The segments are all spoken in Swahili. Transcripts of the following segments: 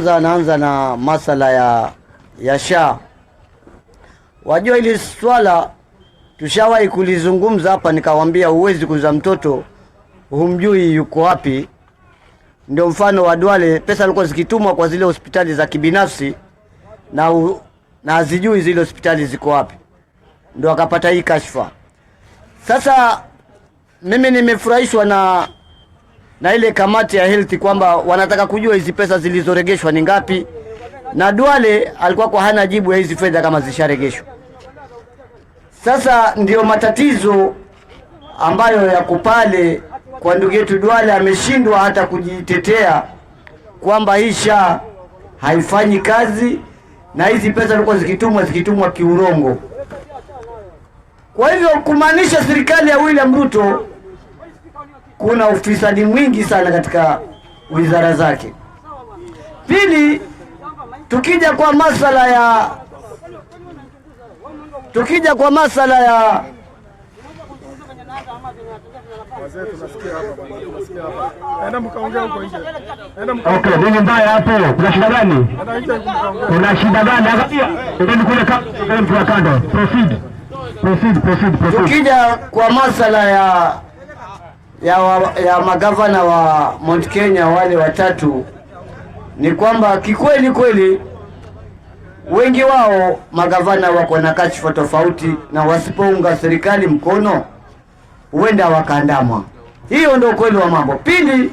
Naanza na masala ya, ya SHA. Wajua hili swala tushawahi kulizungumza hapa, nikawambia huwezi kuza mtoto humjui yuko wapi. Ndio mfano wa Duale, pesa alikuwa zikitumwa kwa zile hospitali za kibinafsi na u, na hazijui zile hospitali ziko wapi, ndio akapata hii kashfa. Sasa mimi nimefurahishwa na na ile kamati ya health kwamba wanataka kujua hizi pesa zilizoregeshwa ni ngapi, na Duale alikuwa kwa hana jibu ya hizi fedha kama zisharegeshwa. Sasa ndiyo matatizo ambayo yako pale kwa ndugu yetu Duale, ameshindwa hata kujitetea kwamba hii SHA haifanyi kazi na hizi pesa zilikuwa zikitumwa zikitumwa kiurongo. Kwa hivyo kumaanisha serikali ya William Ruto kuna ufisadi mwingi sana katika wizara zake. Pili, tukija kwa masala ya tukija kwa masala ya Okay, nini mbaya hapo? Kuna shida gani? Kuna shida gani? Ndio kule kando. Proceed. Proceed, proceed, proceed. Tukija kwa masala ya ya, wa, ya magavana wa Mount Kenya wale watatu ni kwamba kikweli kweli wengi wao magavana wako na kashfa tofauti, na wasipounga serikali mkono huenda wakaandamwa. Hiyo ndio ukweli wa mambo. Pili,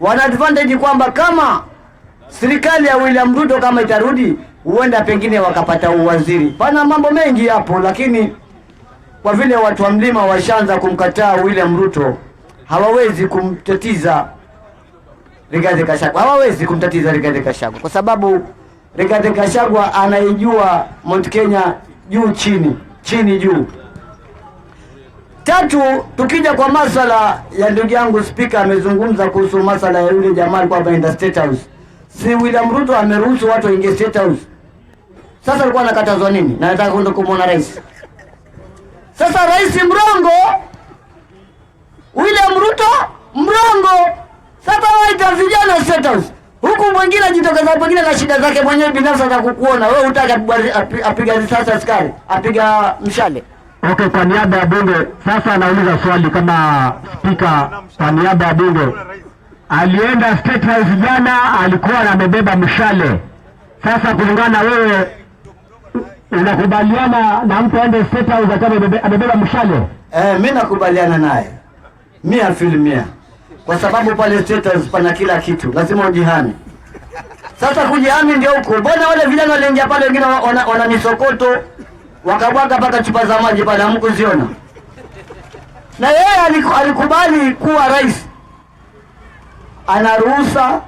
wana advantage kwamba kama serikali ya William Ruto kama itarudi, huenda pengine wakapata uwaziri. Pana mambo mengi hapo, lakini kwa vile watu wa mlima washaanza kumkataa William Ruto hawawezi kumtatiza Rigathi Gachagua, hawawezi kumtatiza Rigathi Gachagua kwa sababu Rigathi Gachagua anaijua Mount Kenya juu chini, chini juu. Tatu, tukija kwa masala ya ndugu yangu spika amezungumza kuhusu masala ya yule jamaa alikuwa ameenda State House. Si William Ruto ameruhusu watu waingie State House. Sasa alikuwa anakatazwa nini? Na nataka kwenda kumwona rais. Sasa rais mrongo William Ruto mrongo. Sasa wewe itafikia na status. Huku mwingine ajitokeza mwingine na shida zake mwenyewe binafsi za kukuona. Wewe utaka apiga risasi askari, apiga mshale. Okay, kwa niaba ya bunge sasa anauliza swali kama spika kwa niaba ya bunge. Alienda State House jana alikuwa amebeba mshale. Sasa kulingana wewe unakubaliana na mtu aende State House akiwa amebeba mshale? Eh, mimi nakubaliana naye mia filmia, kwa sababu pale Tetas pana kila kitu, lazima ujihani. Sasa kujihani ndio huko. Mbona wale vijana waliingia pale, wengine wana, wana misokoto wakabwaga mpaka chupa za maji pale, hamkuziona? Na yeye alikubali kuwa rais anaruhusa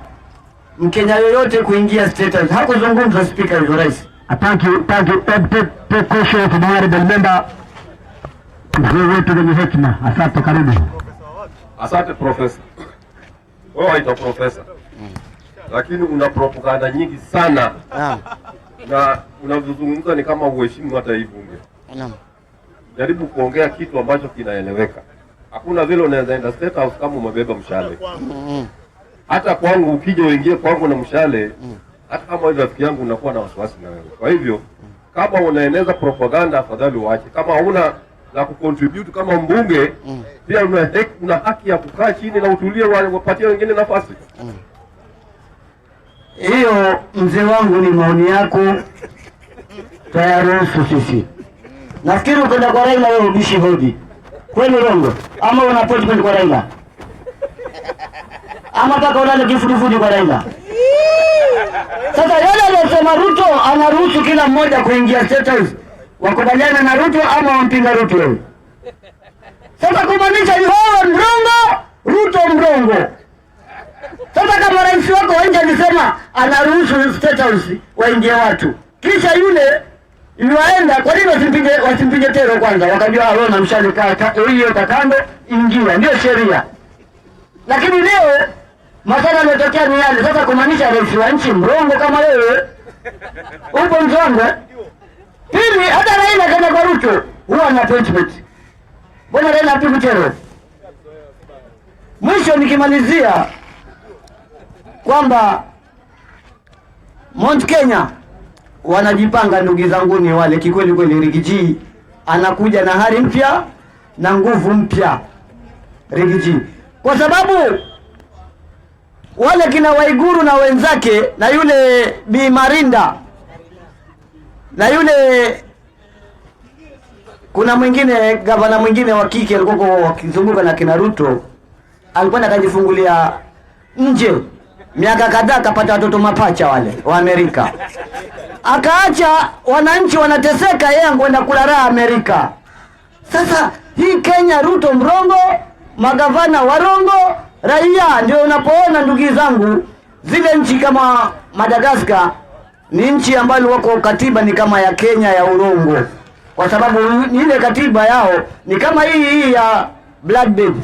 Mkenya yoyote kuingia status. Hakuzungumza spika hivyo rais. Thank you, thank you. Take question of the honorable member. Mzee wetu mwenye hekima. Asante, karibu. Asante profesa, wewe oh, waita profesa mm, lakini una propaganda nyingi sana naam, na unavyozungumza ni kama uheshimu hata hii bunge. Naam, jaribu kuongea kitu ambacho kinaeleweka. Hakuna vile unaweza enda State House kama umebeba mshale Hata kwangu ukija uingie kwangu na mshale mm. hata kama wewe rafiki yangu unakuwa na wasiwasi na wewe. Kwa hivyo kama unaeneza propaganda afadhali uache, kama huna la kucontribute kama mbunge mm. Pia una, una haki ya kukaa chini na utulie, wapatie wengine nafasi hiyo. Mm. Mzee wangu, ni maoni yako tayaruhusu sisi. Nafikiri ukenda kwa Raila wewe ubishi hodi kweli Rongo, ama una appointment kwa Raila ama paka ulale kifudifudi kwa Raila. Sasa yale aliyosema Ruto anaruhusu kila mmoja kuingia State House wakubaliana na Ruto ama wampinga Ruto wewe? Sasa kumaanisha Joho mrongo, Ruto mrongo. Sasa kama rais wako wengi alisema anaruhusu state house waingie watu, kisha yule iwaenda, kwa nini wasimpinge? Wasimpinge tero kwanza? Wakajua ah, wao na mshale kaka hiyo kakando ingia, ndio sheria. Lakini leo masala yametokea ni yale. Sasa kumaanisha rais wa nchi mrongo kama wewe upo mzongo pili hata Raila kana kwa Ruto huwa na appointment. Mbona Raila hatukuchelewa. Mwisho nikimalizia kwamba Mount Kenya wanajipanga ndugu ni wale kikweli kweli. Rigiji anakuja na hari mpya na nguvu mpya Rigiji, kwa sababu wale kina Waiguru na wenzake na yule Bi Marinda na yule kuna mwingine gavana mwingine wa kike alikuwa akizunguka na kina Ruto, alikwenda akajifungulia nje miaka kadhaa, akapata watoto mapacha wale wa Amerika, akaacha wananchi wanateseka, yeye angeenda kula raha Amerika. Sasa hii Kenya, Ruto mrongo, magavana warongo, raia ndio unapoona ndugu zangu, zile nchi kama Madagaskar ni nchi ambayo wako katiba ni kama ya Kenya ya urongo, kwa sababu ile katiba yao ni kama hii hii ya bed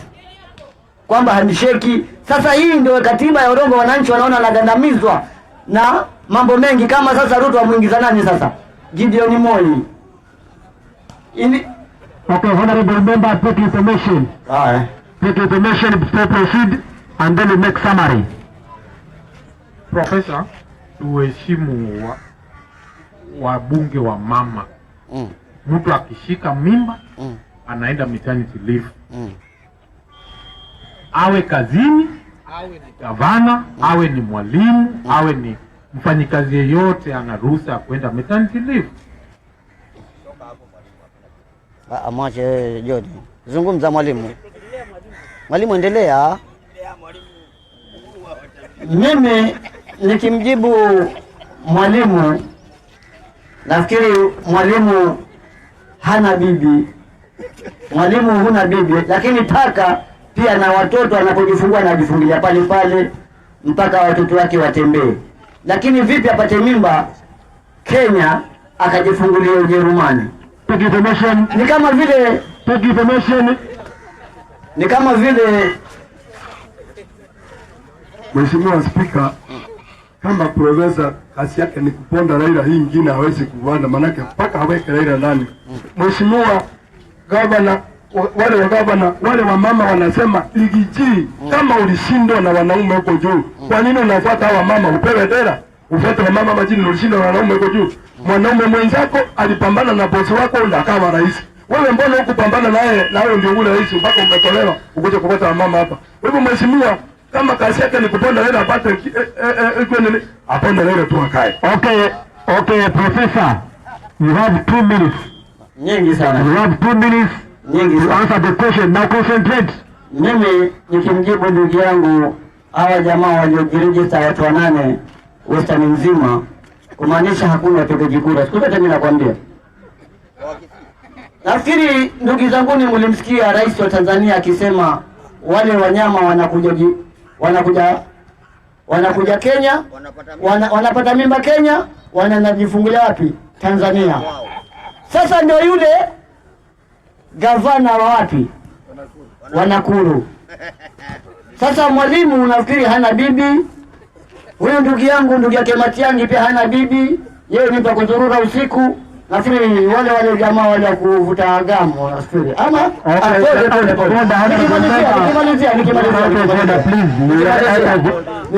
kwamba handisheki. Sasa hii ndio katiba ya urongo, wananchi wanaona wanagandamizwa na mambo mengi. Kama sasa Ruto amwingiza nani sasa? Gideon Moi Ini... Okay, honorable member, take information. Ah, eh. Take information before proceed and then we make summary. Professor tuheshimu wabunge wa mama. Mm. Mtu akishika mimba mm. anaenda maternity leave mm. awe kazini, awe ni gavana mm. awe ni mwalimu mm. awe ni mfanyikazi yeyote, ana ruhusa ya kwenda maternity leave. Amwache Jodi zungumza, mwalimu. Mwalimu, endelea. Mimi nikimjibu mwalimu, nafikiri mwalimu hana bibi, mwalimu huna bibi, lakini paka pia na watoto anapojifungua anajifungilia pale pale mpaka watoto wake watembee. Lakini vipi apate mimba Kenya akajifungulia Ujerumani? Ni kama vile ni kama vile Mheshimiwa Spika kama profesa kasi yake ni kuponda Raila, hii nyingine hawezi kuanda, maanake mpaka aweke Raila ndani. Mheshimiwa gavana, wale wa gavana, wale wa mama wanasema igiji, kama ulishindwa na wanaume huko juu, kwa nini unafuata hawa mama upewe dera? Ufuate wa mama majini, ulishindwa na wanaume huko juu. Mwanaume mwenzako alipambana na bosi wako ndio akawa rais. Wewe mbona hukupambana naye, na wewe ndio ule rais mpaka umetolewa ukuje kupata mama hapa? Hivyo mheshimiwa kama kazi yake ni kuponda hela apate iko e- e- e- nini? Aponda hela tu akae. Okay, okay professor. You have 2 minutes. Nyingi sana. You have 2 minutes. Nyingi sana. Answer the question. Now concentrate. Mimi nikimjibu ndugu yangu hawa jamaa waliojirejista watu wanane Western nzima kumaanisha hakuna wapigaji kura. Siku zote mimi nakwambia. Nafikiri ndugu zangu ni mlimsikia rais wa Tanzania akisema wale wanyama wanakuja wanakuja wanakuja Kenya wana, wanapata mimba Kenya, wananajifungulia wapi? Tanzania. Sasa ndio yule gavana wa wapi? Wanakuru. Sasa mwalimu, unafikiri hana bibi huyu? Ndugu yangu, ndugu yake Matiang'i pia hana bibi, yeye nipa kuzurura usiku lakini wale wale jamaa wale kuvuta gamu nafikiri ama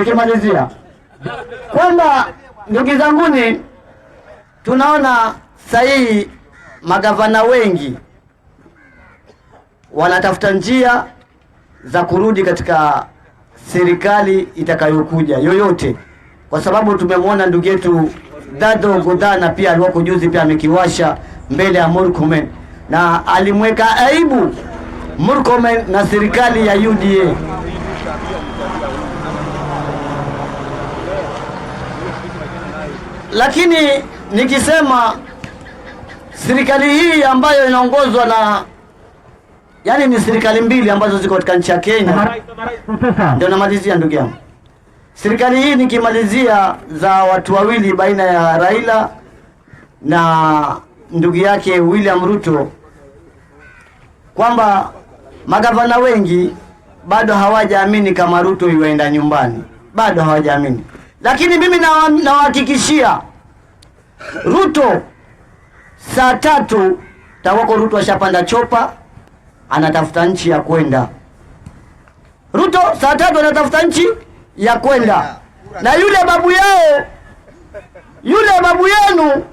nikimalizia kwamba ndugu zanguni, tunaona sahihi magavana wengi wanatafuta njia za kurudi katika serikali itakayokuja yoyote, kwa sababu tumemwona ndugu yetu Dado Godana pia aliwako juzi, pia amekiwasha mbele ya Murkomen na alimweka aibu Murkomen na serikali ya UDA. Lakini nikisema serikali hii ambayo inaongozwa na yani, ni serikali mbili ambazo ziko katika nchi ya Kenya, ndio namalizia ndugu yangu. Serikali hii nikimalizia, za watu wawili baina ya Raila na ndugu yake William Ruto, kwamba magavana wengi bado hawajaamini kama Ruto iwaenda nyumbani, bado hawajaamini. Lakini mimi nawahakikishia Ruto, saa tatu tawako Ruto ashapanda chopa, anatafuta nchi ya kwenda. Ruto saa tatu anatafuta nchi ya kwenda na yule babu yao, yule babu yenu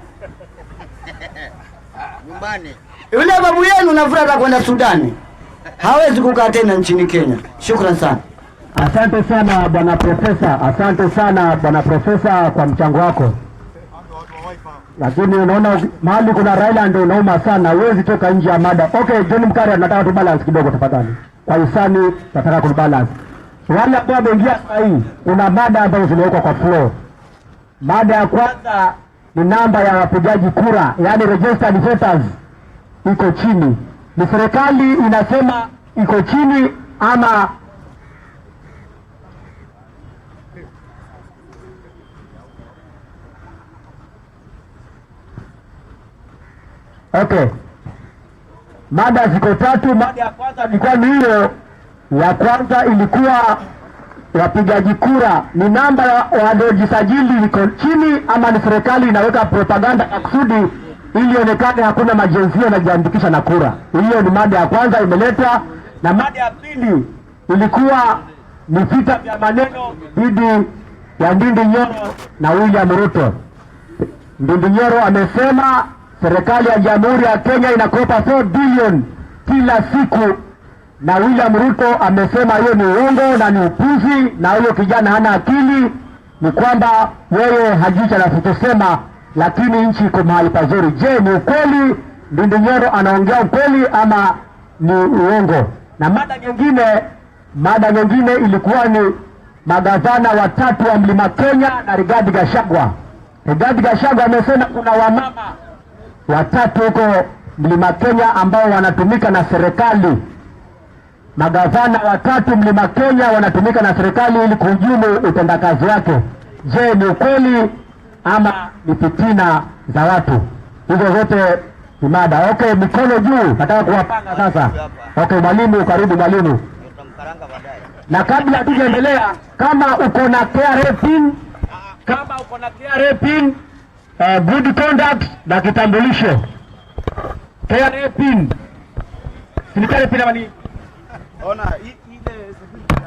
nyumbani, yule babu yenu navurata kwenda Sudani, hawezi kukaa tena nchini Kenya. Shukrani sana. Asante sana bwana profesa, asante sana bwana profesa kwa mchango wako. Lakini unaona mahali kuna Raila ndio unauma sana, huwezi toka nje ya mada. Okay, John Mkari, nataka tu balance kidogo tafadhali, kwa usani nataka kubalance. Wale ambao wameingia saa hii, una mada ambazo zimewekwa kwa flow. Mada ya kwanza ni namba ya wapigaji kura, yaani registered voters iko chini. Ni serikali inasema iko chini ama okay. Mada ziko tatu. Mada ya kwanza ilikuwa ni hiyo ya kwanza ilikuwa wapigaji kura ni namba waliojisajili iko chini, ama ni serikali inaweka propaganda kusudi ili ionekane hakuna majenzia yanajiandikisha na kura. Hiyo ni mada ya kwanza imeletwa, na mada ya pili ilikuwa ni vita vya maneno dhidi ya Ndindi Nyoro na William Ruto. Ndindi Nyoro amesema serikali ya Jamhuri ya Kenya inakopa 4 billion kila siku na William Ruto amesema hiyo ni uongo na ni upuzi, na huyo kijana hana akili. Ni kwamba yeye hajui anachosema, lakini nchi iko mahali pazuri. Je, ni ukweli Ndindi Nyoro anaongea ukweli ama ni uongo? Na mada nyingine, mada nyingine ilikuwa ni magavana watatu wa mlima Kenya na Rigathi Gachagua. Rigathi Gachagua amesema kuna wamama watatu huko mlima Kenya ambao wanatumika na serikali Magavana watatu Mlima Kenya wanatumika na serikali ili kuhujumu utendakazi wake. Je, ni ukweli ama ni fitina za watu? Hizo zote ni mada. Okay, mikono juu, nataka kuwapanga sasa. Okay, mwalimu karibu, mwalimu. Na kabla tujaendelea, kama uko na KRA pin, kama uko na KRA pin, uh, good conduct na kitambulisho. KRA pin, serikali pin ama Ona ile certificate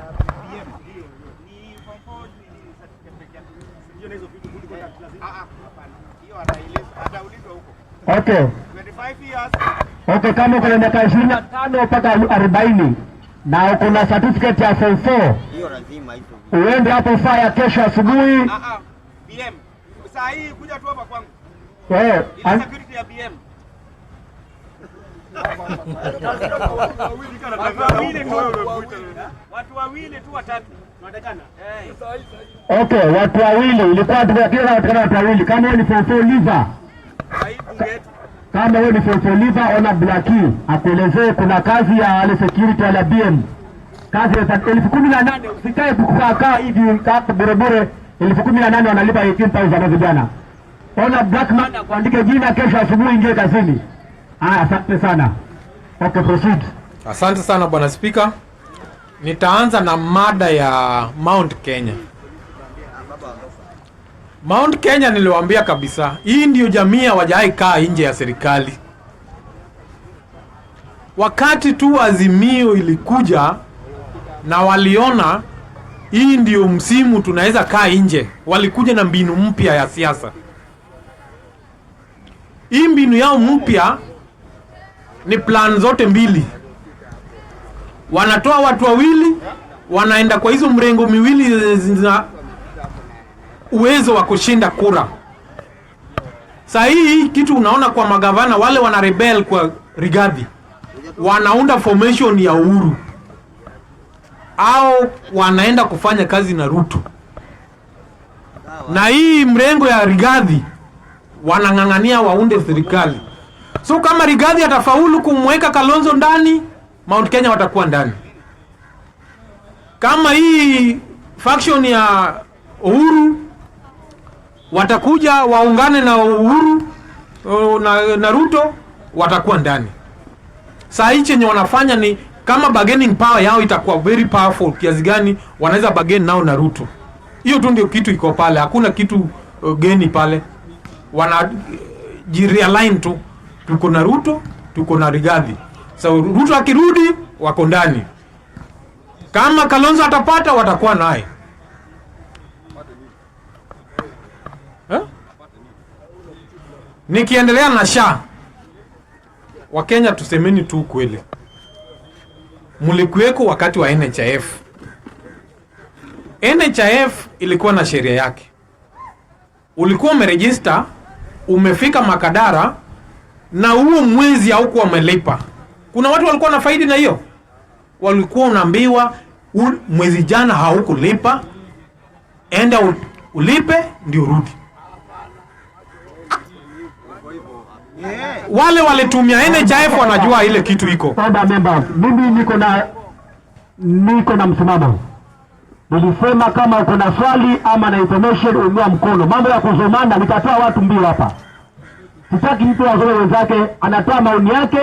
na ah, ah, Okay. Okay, kama na mpaka arobaini na uko na certificate ya form 4. Hiyo lazima hizo Uende hapo fire kesho asubuhi. Ah ah. BM. Sasa hii kuja tu hapa kwangu. Eh, security ya BM. Okay, watu wawili ilikuwa tukiwa katika watu wawili. Kama wewe ni fofo liver, kama wewe ni fofo liver, ona blaki akuelezee kuna kazi ya wale security wala BM kazi ya elfu kumi na nane. Usikae kukaa hivi kaka borebore, elfu kumi na nane wanalipa 18000 vijana. Ona black man akuandike jina, kesho asubuhi ingie kazini. Ah, asante sana. Okay, proceed. Asante sana Bwana Spika. Nitaanza na mada ya Mount Kenya. Mount Kenya niliwaambia kabisa, hii ndio jamii hawajawai kaa nje ya serikali. Wakati tu azimio ilikuja na waliona hii ndio msimu tunaweza kaa nje, walikuja na mbinu mpya ya siasa. Hii mbinu yao mpya ni plan zote mbili, wanatoa watu wawili, wanaenda kwa hizo mrengo miwili zina uwezo wa kushinda kura. Saa hii kitu unaona kwa magavana wale wana rebel kwa Rigathi, wanaunda formation ya Uhuru au wanaenda kufanya kazi na Ruto, na hii mrengo ya Rigathi wanang'ang'ania waunde serikali. So kama Rigathi atafaulu kumweka Kalonzo ndani, Mount Kenya watakuwa ndani. Kama hii faction ya Uhuru watakuja waungane na Uhuru na, na Ruto watakuwa ndani. Saa hii chenye wanafanya ni kama bargaining power yao itakuwa very powerful kiasi gani wanaweza bargain nao na Ruto. Hiyo tu ndio kitu iko pale, hakuna kitu geni pale, wanajirealign eh, tu tuko na Ruto, tuko na Rigathi. So Ruto akirudi wako ndani, kama Kalonzo atapata watakuwa naye Nikiendelea na sha Wakenya, tusemeni tu kweli, mlikuweko wakati wa NHIF. NHIF ilikuwa na sheria yake, ulikuwa umerejista, umefika Makadara na huo mwezi hauko umelipa. Kuna watu walikuwa na faidi na hiyo, walikuwa unaambiwa mwezi jana haukulipa, enda ulipe ndio rudi. Wale walitumia NHIF wanajua ile kitu iko. Mimi niko na niko na msimamo, nilisema kama uko na swali ama na information, unua mkono. Mambo ya kuzomana, nitatoa watu mbili hapa. Sitaki mtu asome wenzake, anatoa maoni yake.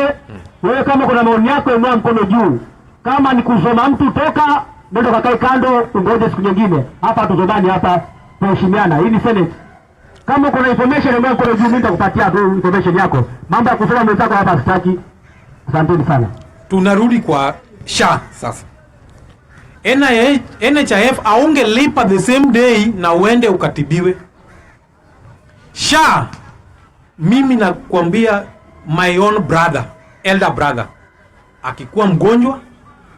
Wewe kama kuna maoni yako, inua mkono juu. Kama ni kusoma mtu, toka nenda kakae kando, ungoje siku nyingine. Hapa hatuzomani, hapa tuheshimiana, Hii ni Senate. Kama kuna information, inua mkono juu, mimi nitakupatia tu information yako. Mambo ya kusoma mwenzako hapa sitaki. Asanteni sana. Tunarudi kwa SHA sasa. NIH, NHIF aunge lipa the same day na uende ukatibiwe. SHA mimi nakwambia my own brother, elder brother akikuwa mgonjwa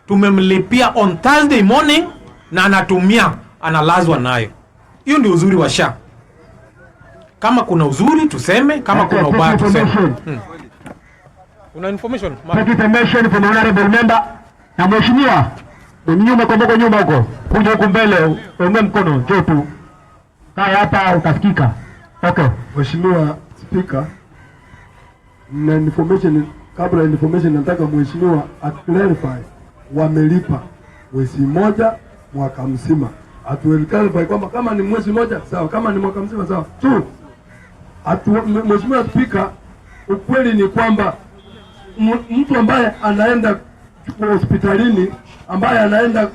tumemlipia on Thursday morning na anatumia analazwa nayo. Hiyo ndio uzuri wa SHA. Kama kuna uzuri tuseme, kama kuna ubaya tuseme. Hmm. information? from honorable member. Na mheshimiwa, nyuma kwa mboko nyuma huko. Kuja huku mbele, ongea mkono, jotu kaya hapa ukasikika Okay. Mheshimiwa Spika, na information kabla information, nataka mheshimiwa aclarify, wamelipa mwezi mmoja mwaka mzima, atuelekeze kwamba kama ni mwezi mmoja sawa, kama ni mwaka mzima sawa tu. Mheshimiwa Spika, ukweli ni kwamba mtu ambaye anaenda hospitalini ambaye anaenda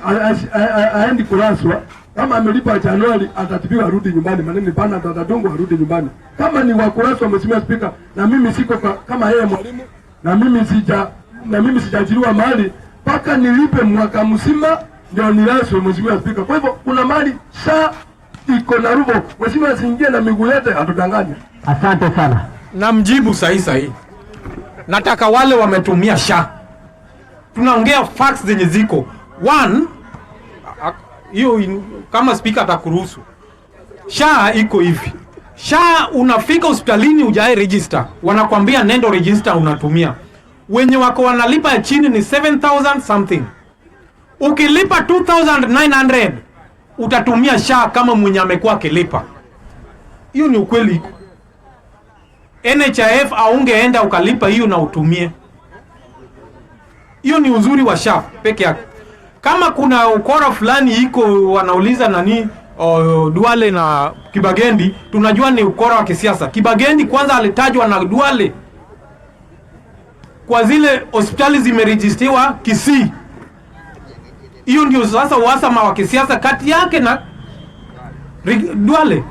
aendi kulaswa kama amelipa Januari atatibiwa arudi nyumbani, maneno pana atadungwa arudi nyumbani. Kama ni wa kurasa, Mheshimiwa Spika, na mimi siko kwa, kama yeye mwalimu na mimi sija na mimi sijaajiriwa mahali mpaka nilipe mwaka mzima ndio nilaswe, Mheshimiwa Spika. Kwa hivyo kuna mali sha iko na rubo, Mheshimiwa asiingie na miguu yote atudanganya Asante sana. Na mjibu sahihi Nataka wale wametumia sha, tunaongea facts zenye ziko one hiyo kama spika atakuruhusu. Sha iko hivi, sha unafika hospitalini ujae register, wanakwambia nendo register unatumia. Wenye wako wanalipa ya chini ni 7000 something. Ukilipa 2900 utatumia sha kama mwenye amekuwa akilipa. Hiyo ni ukweli iko. NHIF aungeenda ukalipa hiyo na utumie. Hiyo ni uzuri wa sha peke yake kama kuna ukora fulani iko wanauliza nani Uh, Duale na Kibagendi, tunajua ni ukora wa kisiasa. Kibagendi kwanza alitajwa na Duale kwa zile hospitali zimerejistiwa Kisii. Hiyo ndio sasa uhasama wa kisiasa kati yake na Duale.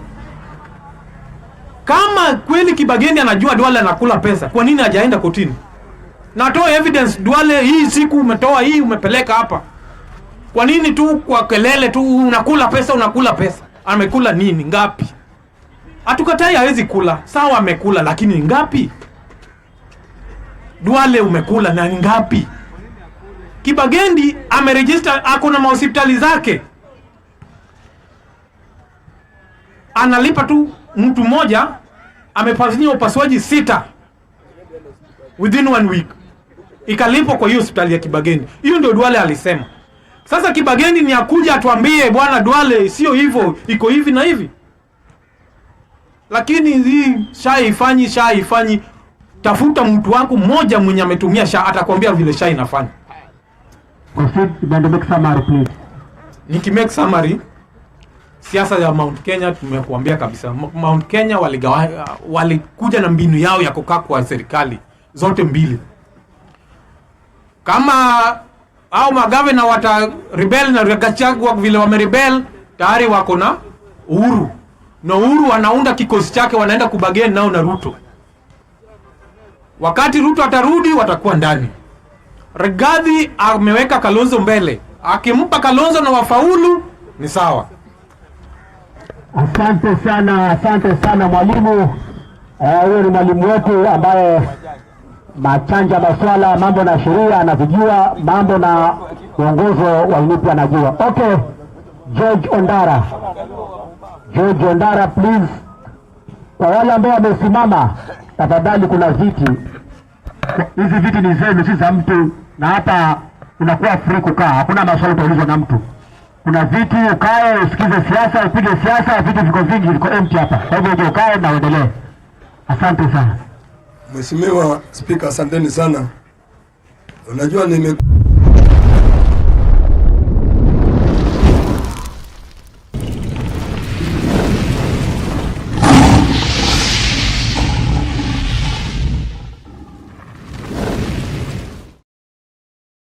Kama kweli Kibagendi anajua Duale anakula pesa, kwa nini hajaenda kotini? Natoa evidence Duale, hii siku umetoa hii, umepeleka hapa kwa nini tu kwa kelele tu unakula pesa unakula pesa? Amekula nini? Ngapi? Hatukatai hawezi kula. Sawa, amekula lakini ngapi? Duale umekula na ngapi? Kibagendi amerejista ako na mahospitali zake, analipa tu. Mtu mmoja amefanyia upasuaji sita within one week, ikalipwa kwa hiyo hospitali ya Kibagendi. Hiyo ndio Duale alisema. Sasa Kibageni ni akuja atuambie bwana Duale sio hivyo, iko hivi na hivi, lakini hii sha ifanyi sha ifanyi. Tafuta mtu wako mmoja mwenye ametumia sha, atakwambia vile sha inafanya. make summary siasa ya Mount Kenya tumekuambia kabisa. Mount Kenya waligawa, walikuja na mbinu yao ya kukaa kwa serikali zote mbili kama au magavana wata rebel na Gachagua vile rebel tayari wako na Uhuru na Uhuru wanaunda kikosi chake, wanaenda kubageni nao na Ruto. Wakati Ruto atarudi watakuwa ndani. regadhi ameweka Kalonzo mbele, akimpa Kalonzo na wafaulu ni sawa. Asante sana, asante sana mwalimu. Eh, huyo uh, ni mwalimu wetu ambaye Machanja maswala mambo na sheria anavijua, mambo na uongozo wa UNIPI anajua. Okay, George Ondara, George Ondara please. Kwa wale ambao wamesimama, tafadhali, kuna viti. Hizi viti ni zenu, si za mtu, na hapa unakuwa free kukaa, hakuna maswala utaulizwa na mtu. Kuna viti, ukae usikize siasa, upige siasa. Viti viko vingi, viko empty hapa, kwa hivyo ukae na uendelee. Asante sana. Mheshimiwa Spika, asanteni sana. Unajua nime